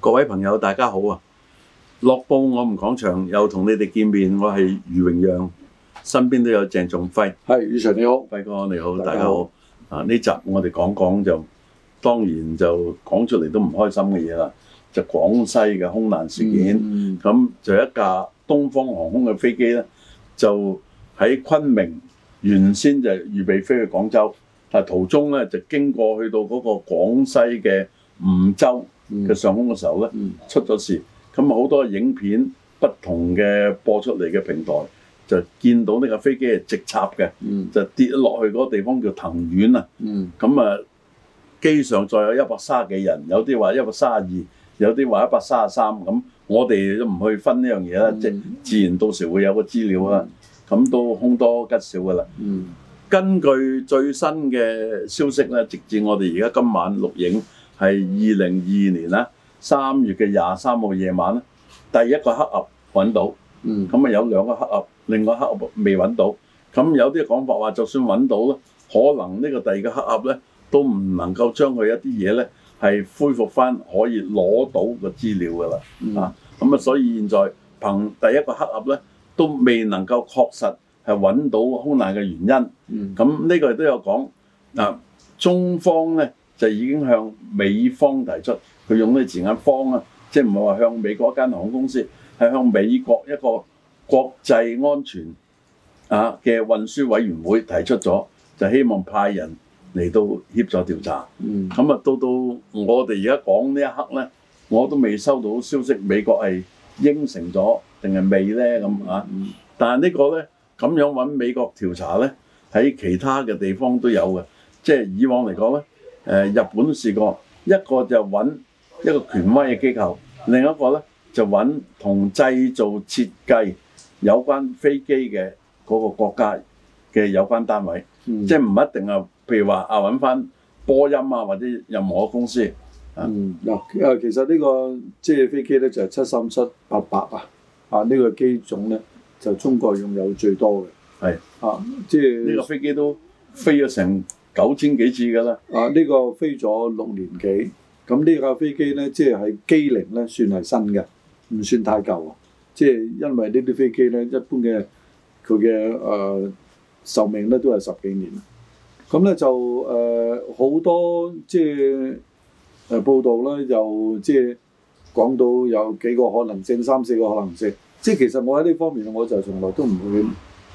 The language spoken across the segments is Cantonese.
各位朋友，大家好啊！樂報我唔講場，又同你哋見面，我係余榮陽，身邊都有鄭仲輝。係，馮常你好，輝哥你好，好，大家好。啊，呢集我哋講講就當然就講出嚟都唔開心嘅嘢啦，就廣西嘅空難事件。咁、嗯嗯、就一架東方航空嘅飛機咧，就喺昆明，原先就預備飛去廣州，但途中咧就經過去到嗰個廣西嘅梧州。嘅、嗯、上空嘅時候咧、嗯，出咗事，咁啊好多影片不同嘅播出嚟嘅平台就見到呢架飛機係直插嘅、嗯，就跌落去嗰個地方叫藤縣啊，咁、嗯、啊機上再有一百三十幾人，有啲話一百三十二，有啲話一百三十三，咁我哋都唔去分呢樣嘢啦，即、嗯、自然到時候會有個資料啊，咁都空多吉少噶啦、嗯。根據最新嘅消息咧，直至我哋而家今晚錄影。係二零二二年啦，三月嘅廿三號夜晚咧，第一個黑盒揾到，咁、嗯、啊有兩個黑盒，另外黑盒未揾到。咁有啲講法話，就算揾到咧，可能呢個第二個黑盒咧都唔能夠將佢一啲嘢咧係恢復翻可以攞到個資料㗎啦、嗯。啊，咁啊所以現在憑第一個黑盒咧都未能夠確實係揾到空難嘅原因。咁、嗯、呢個亦都有講嗱、啊，中方咧。就已經向美方提出，佢用咗字眼方啊，即係唔係話向美國一間航空公司，係向美國一個國際安全啊嘅運輸委員會提出咗，就希望派人嚟到協助調查。咁、嗯、啊，到到我哋而家講呢一刻呢，我都未收到消息，美國係應承咗定係未呢？咁啊、嗯？但係呢個呢，咁樣揾美國調查呢，喺其他嘅地方都有嘅，即係以往嚟講呢。誒日本都試過，一個就揾一個權威嘅機構，另一個咧就揾同製造設計有關飛機嘅嗰個國家嘅有關單位，嗯、即係唔一定啊，譬如話啊揾翻波音啊或者任何公司。嗯，嗱、啊、誒，其實呢、呢個即係、就係、飛機咧就係七三七八八啊，啊、呢、呢個機種咧就係、中國擁有最多嘅，係啊即係呢個飛機都飛咗成九千幾次㗎喇，啊呢、這個飛咗六年幾，咁呢架飛機咧，即係喺機齡咧算係新嘅，唔算太舊啊。即係因為呢啲飛機咧，一般嘅佢嘅誒壽命咧都係十幾年。咁咧就誒好、呃、多即係誒報道咧，又即係講到有幾個可能性，三四個可能性。即係其實我喺呢方面，我就從來都唔會。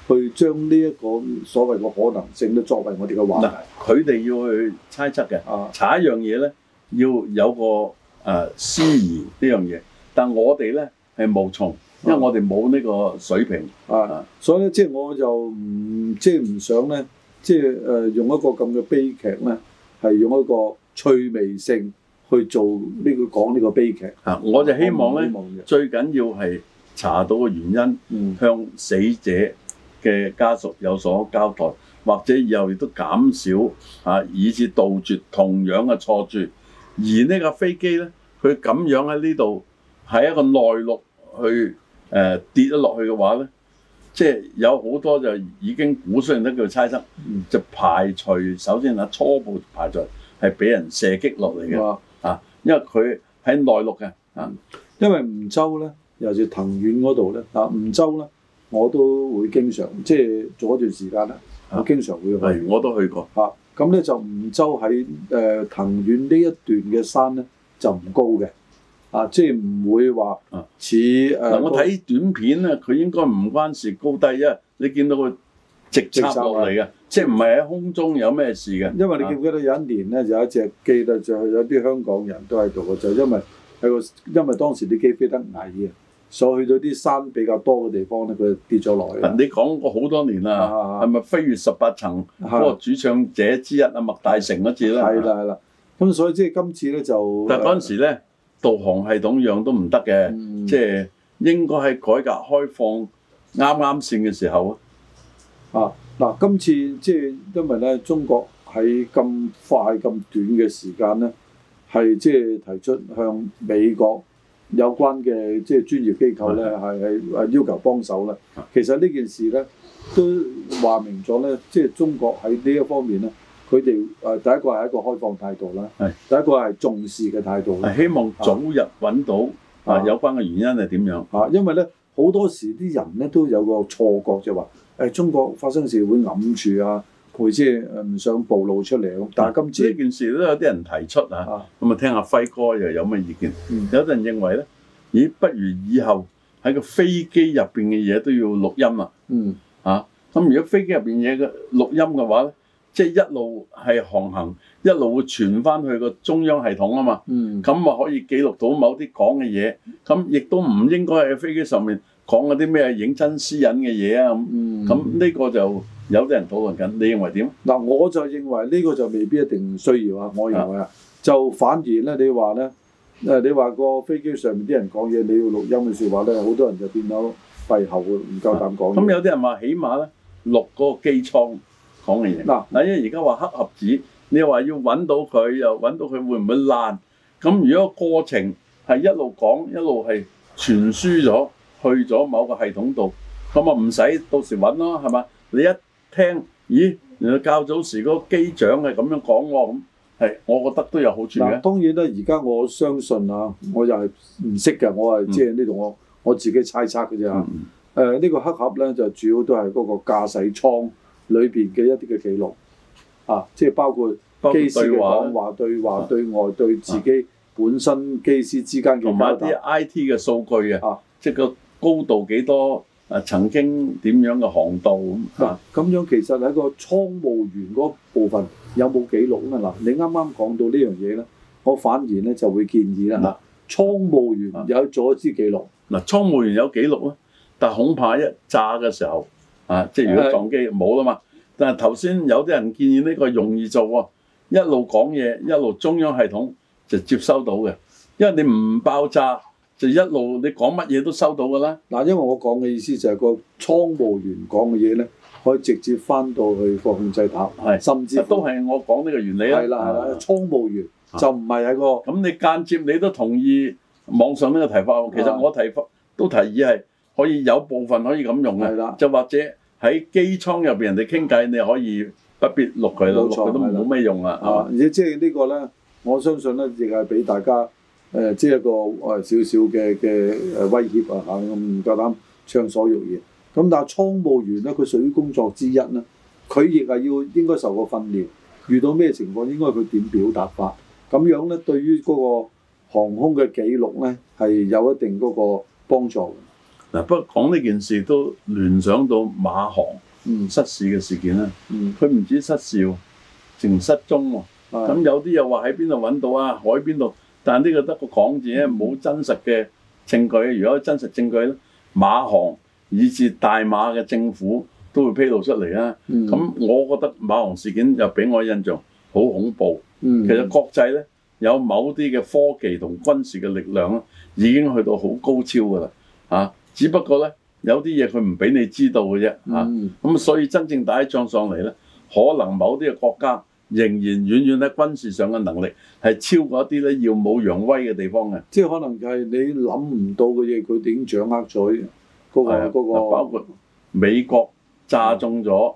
去將呢一個所謂個可能性都作為我哋嘅話題。佢哋要去猜測嘅、啊，查一樣嘢咧，要有個誒、呃、思疑呢樣嘢。但我哋咧係無從、啊，因為我哋冇呢個水平。啊，啊所以即係我就唔即係唔想咧，即係誒、呃、用一個咁嘅悲劇咧，係用一個趣味性去做呢、這個講呢個悲劇。啊，我就希望咧，最緊要係查到個原因、嗯，向死者嘅家屬有所交代，或者以後亦都減少嚇、啊，以至杜絕同樣嘅錯處。而呢架飛機咧，佢咁樣喺呢度喺一個內陸去誒、呃、跌咗落去嘅話咧，即係有好多就已經估算生都叫猜測，就排除首先啊初步排除係俾人射擊落嚟嘅啊，因為佢喺內陸嘅啊，因為梧州咧，尤其是藤縣嗰度咧啊，梧州咧。嗯我都會經常，即係做一段時間啦、啊。我經常會去。係，我都去過。嚇、啊，咁咧就梧州喺誒藤縣呢一段嘅山咧，就唔高嘅。啊，即係唔會話似誒。啊呃、我睇短片咧，佢應該唔關事高低啊。你見到佢直插落嚟嘅，即係唔係喺空中有咩事嘅、啊？因為你記唔記得有一年咧有一隻機咧就係有啲香港人都喺度，個，就因為喺個，因為當時啲機飛得矮啊。所以去到啲山比較多嘅地方咧，佢跌咗落去了。你講過好多年啦，係咪、啊、飛越十八層嗰個、啊、主唱者之一啊？麥大成嗰次咧，係啦係啦。咁、啊啊、所以即係今次咧就，但係嗰時咧導航系統樣都唔得嘅，即、嗯、係、就是、應該係改革開放啱啱先嘅時候啊。嗱、啊，今次即係因為咧，中國喺咁快咁短嘅時間咧，係即係提出向美國，有關嘅即係專業機構咧，係係誒要求幫手啦。其實呢件事咧都話明咗咧，即係中國喺呢一方面咧，佢哋誒第一個係一個開放態度啦。係第一個係重視嘅態度。係希望早日揾到啊有關嘅原因係點樣？啊，因為咧好多時啲人咧都有個錯覺就話誒中國發生事會揞住啊。陪先，唔想暴露出嚟咁。但係今次呢件事都有啲人提出嚇，咁啊，啊聽下輝哥又有乜意見？嗯、有啲人認為咧，咦，不如以後喺個飛機入邊嘅嘢都要錄音啊！嗯，嚇、啊、咁如果飛機入邊嘢嘅錄音嘅話咧，即、就、係、是、一路係航行，一路會傳翻去個中央系統啊嘛。嗯，咁啊可以記錄到某啲講嘅嘢，咁亦都唔應該喺飛機上面講嗰啲咩影親私隱嘅嘢啊咁。咁、嗯、呢個就。有啲人討論緊，你認為點？嗱，我就認為呢個就未必一定需要啊！我認為啊，就反而咧，你話咧，誒，你話個飛機上面啲人講嘢，你要錄音嘅說話咧，好多人就變到閉喉嘅，唔夠膽講。咁有啲人話，啊、人說起碼咧，錄個機艙講嘅嘢。嗱嗱，因為而家話黑盒子，你話要揾到佢，又揾到佢會唔會爛？咁如果過程係一路講，一路係傳輸咗去咗某個系統度，咁啊唔使到時揾咯，係嘛？你一聽，咦？誒，較早時嗰機長係咁樣講喎，咁、嗯、係，我覺得都有好處嘅。當然啦，而家我相信啊，我又係唔識嘅，我係即係呢度我我自己猜測嘅啫。誒、嗯嗯，呢、呃呢個黑盒咧就主要都係嗰個駕駛艙裏邊嘅一啲嘅記錄啊，即係包括機師嘅講話、對話的、對話對外、對自己本身機師之間嘅，某埋啲 I T 嘅數據啊，即係個高度幾多。啊，曾經點樣嘅航道咁啊？咁樣其實喺一個倉務員嗰部分有冇記錄啊？嗱，你啱啱講到呢樣嘢咧，我反而咧就會建議啦。嗱、嗯，倉務員有咗支記錄。嗱，倉務員有記錄咧，但恐怕一炸嘅時候啊、嗯，即係如果撞機冇啦嘛。但係頭先有啲人建議呢個容易做喎，一路講嘢，一路中央系統就接收到嘅，因為你唔爆炸。就一路你講乜嘢都收到㗎啦。嗱，因為我講嘅意思就係個倉務員講嘅嘢咧，可以直接翻到去控制塔，甚至都係我講呢個原理啦。係啦係啦，倉務員就唔係喺個咁。啊、你間接你都同意網上呢個提法。其實我提法都提議係可以有部分可以咁用嘅。係啦。就或者喺機艙入邊人哋傾偈，你可以不必錄佢咯，佢都冇咩用啊。啊，而且即係呢個咧，我相信咧亦係俾大家。誒、呃，即係一個誒少少嘅嘅誒威脅啊嚇，我唔夠膽暢所欲言。咁、嗯、但係倉務員咧，佢屬於工作之一啦。佢亦係要應該受過訓練，遇到咩情況應該佢點表達法？咁樣咧，對於嗰個航空嘅記錄咧，係有一定嗰個幫助嗱、嗯，不過講呢件事都聯想到馬航嗯失事嘅事件啦。嗯，佢唔知失蹤，淨失蹤喎。咁、嗯、有啲又話喺邊度揾到啊？海邊度。但係呢個得個講字咧，冇真實嘅證據、嗯。如果真實證據，馬航以至大馬嘅政府都會披露出嚟啦。咁、嗯、我覺得馬航事件又俾我印象好恐怖、嗯。其實國際咧有某啲嘅科技同軍事嘅力量咧，已經去到好高超㗎啦。嚇、啊，只不過咧有啲嘢佢唔俾你知道嘅啫。嚇、啊，咁、嗯、所以真正打起仗上嚟咧，可能某啲嘅國家。仍然遠遠喺，軍事上嘅能力係超過一啲咧耀武揚威嘅地方嘅，即係可能就係你諗唔到嘅嘢，佢點掌握咗嗰個嗰個，包括美國炸中咗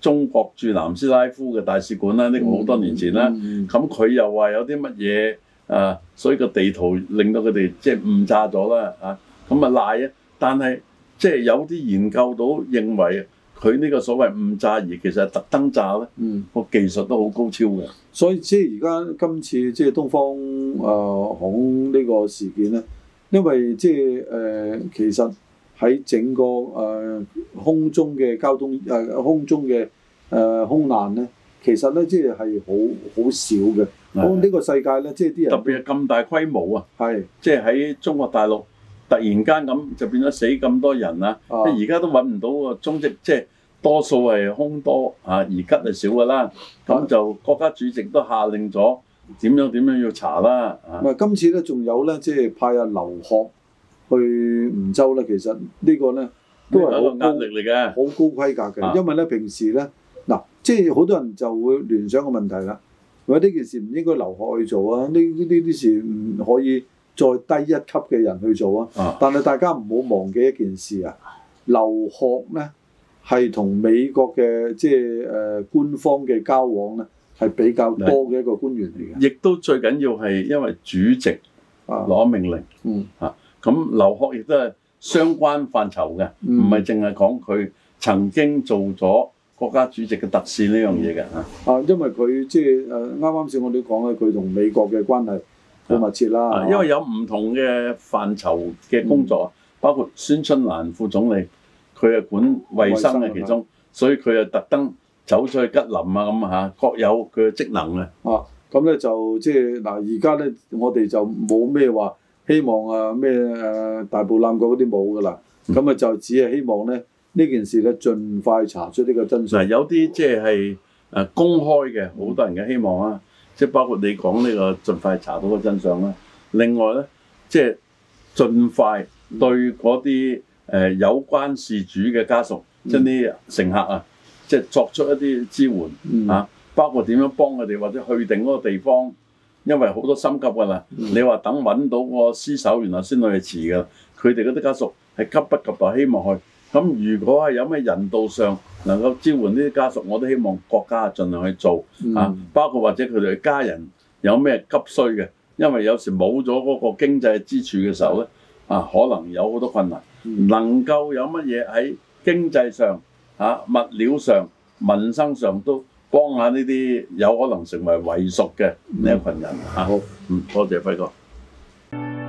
中國駐南斯拉夫嘅大使館啦，呢個好多年前啦，咁佢又話有啲乜嘢啊？所以個地圖令到佢哋即係誤炸咗啦啊！咁啊賴啊，但係即係有啲研究到認為。佢呢個所謂誤炸而其實係特登炸咧，個、嗯、技術都好高超嘅。所以即係而家今次即係東方誒航空呢個事件咧，因為即係誒其實喺整個誒空中嘅交通誒空中嘅誒空難咧，其實咧、呃呃呃、即係係好好少嘅。喺呢個世界咧，即係啲人特別係咁大規模啊，係即係喺中國大陸。突然間咁就變咗死咁多人啦、啊！即而家都揾唔到個蹤跡，即係多數係凶多嚇、啊，而吉係少㗎啦。咁、啊啊、就國家主席都下令咗點樣點樣要查啦。嗱、啊，今次咧仲有咧，即係派阿劉鶴去梧州啦。其實呢個呢個咧都有個壓力嚟嘅，好高規格嘅、啊。因為咧平時咧嗱，即係好多人就會聯想個問題啦。喂，呢件事唔應該劉鶴去做啊！呢呢啲事唔可以。再低一級嘅人去做啊！但係大家唔好忘記一件事啊，劉鶴咧係同美國嘅即係誒官方嘅交往咧係比較多嘅一個官員嚟嘅。亦都最緊要係因為主席攞命令，啊、嗯嚇咁劉鶴亦都係相關範疇嘅，唔係淨係講佢曾經做咗國家主席嘅特使呢樣嘢嘅嚇。啊，因為佢即係誒啱啱先我哋講咧，佢同美國嘅關係。好密切啦，啊啊、因為有唔同嘅範疇嘅工作，嗯，包括孫春蘭副總理，佢係管衞生嘅其中，所以佢啊特登走出去吉林啊咁嚇，各有佢嘅職能嘅。哦、啊，咁咧就即係嗱，而家咧我哋就冇咩話希望啊咩誒、啊、大步躝過嗰啲冇㗎啦，咁、嗯、啊就只係希望咧呢這件事咧盡快查出呢個真相，啊。有啲即係誒公開嘅，好多人嘅希望啊！即係包括你講呢、這個盡快查到個真相啦。另外咧，即係盡快對嗰啲誒有關事主嘅家屬，即係啲乘客啊，即係作出一啲支援嚇、嗯啊。包括點樣幫佢哋，或者去定嗰個地方，因為好多心急㗎啦、嗯。你話等揾到個屍首，然後先去遲㗎啦。佢哋嗰啲家屬係急不及待，希望去。咁如果係有咩人道上？能夠支援呢啲家屬，我都希望國家盡量去做啊！包括或者佢哋家人有咩急需嘅，因為有時冇咗嗰個經濟支柱嘅時候呢啊，可能有好多困難。能夠有乜嘢喺經濟上、啊物料上、民生上都幫下呢啲有可能成為遺屬嘅呢一群人啊！好，嗯，多謝輝哥。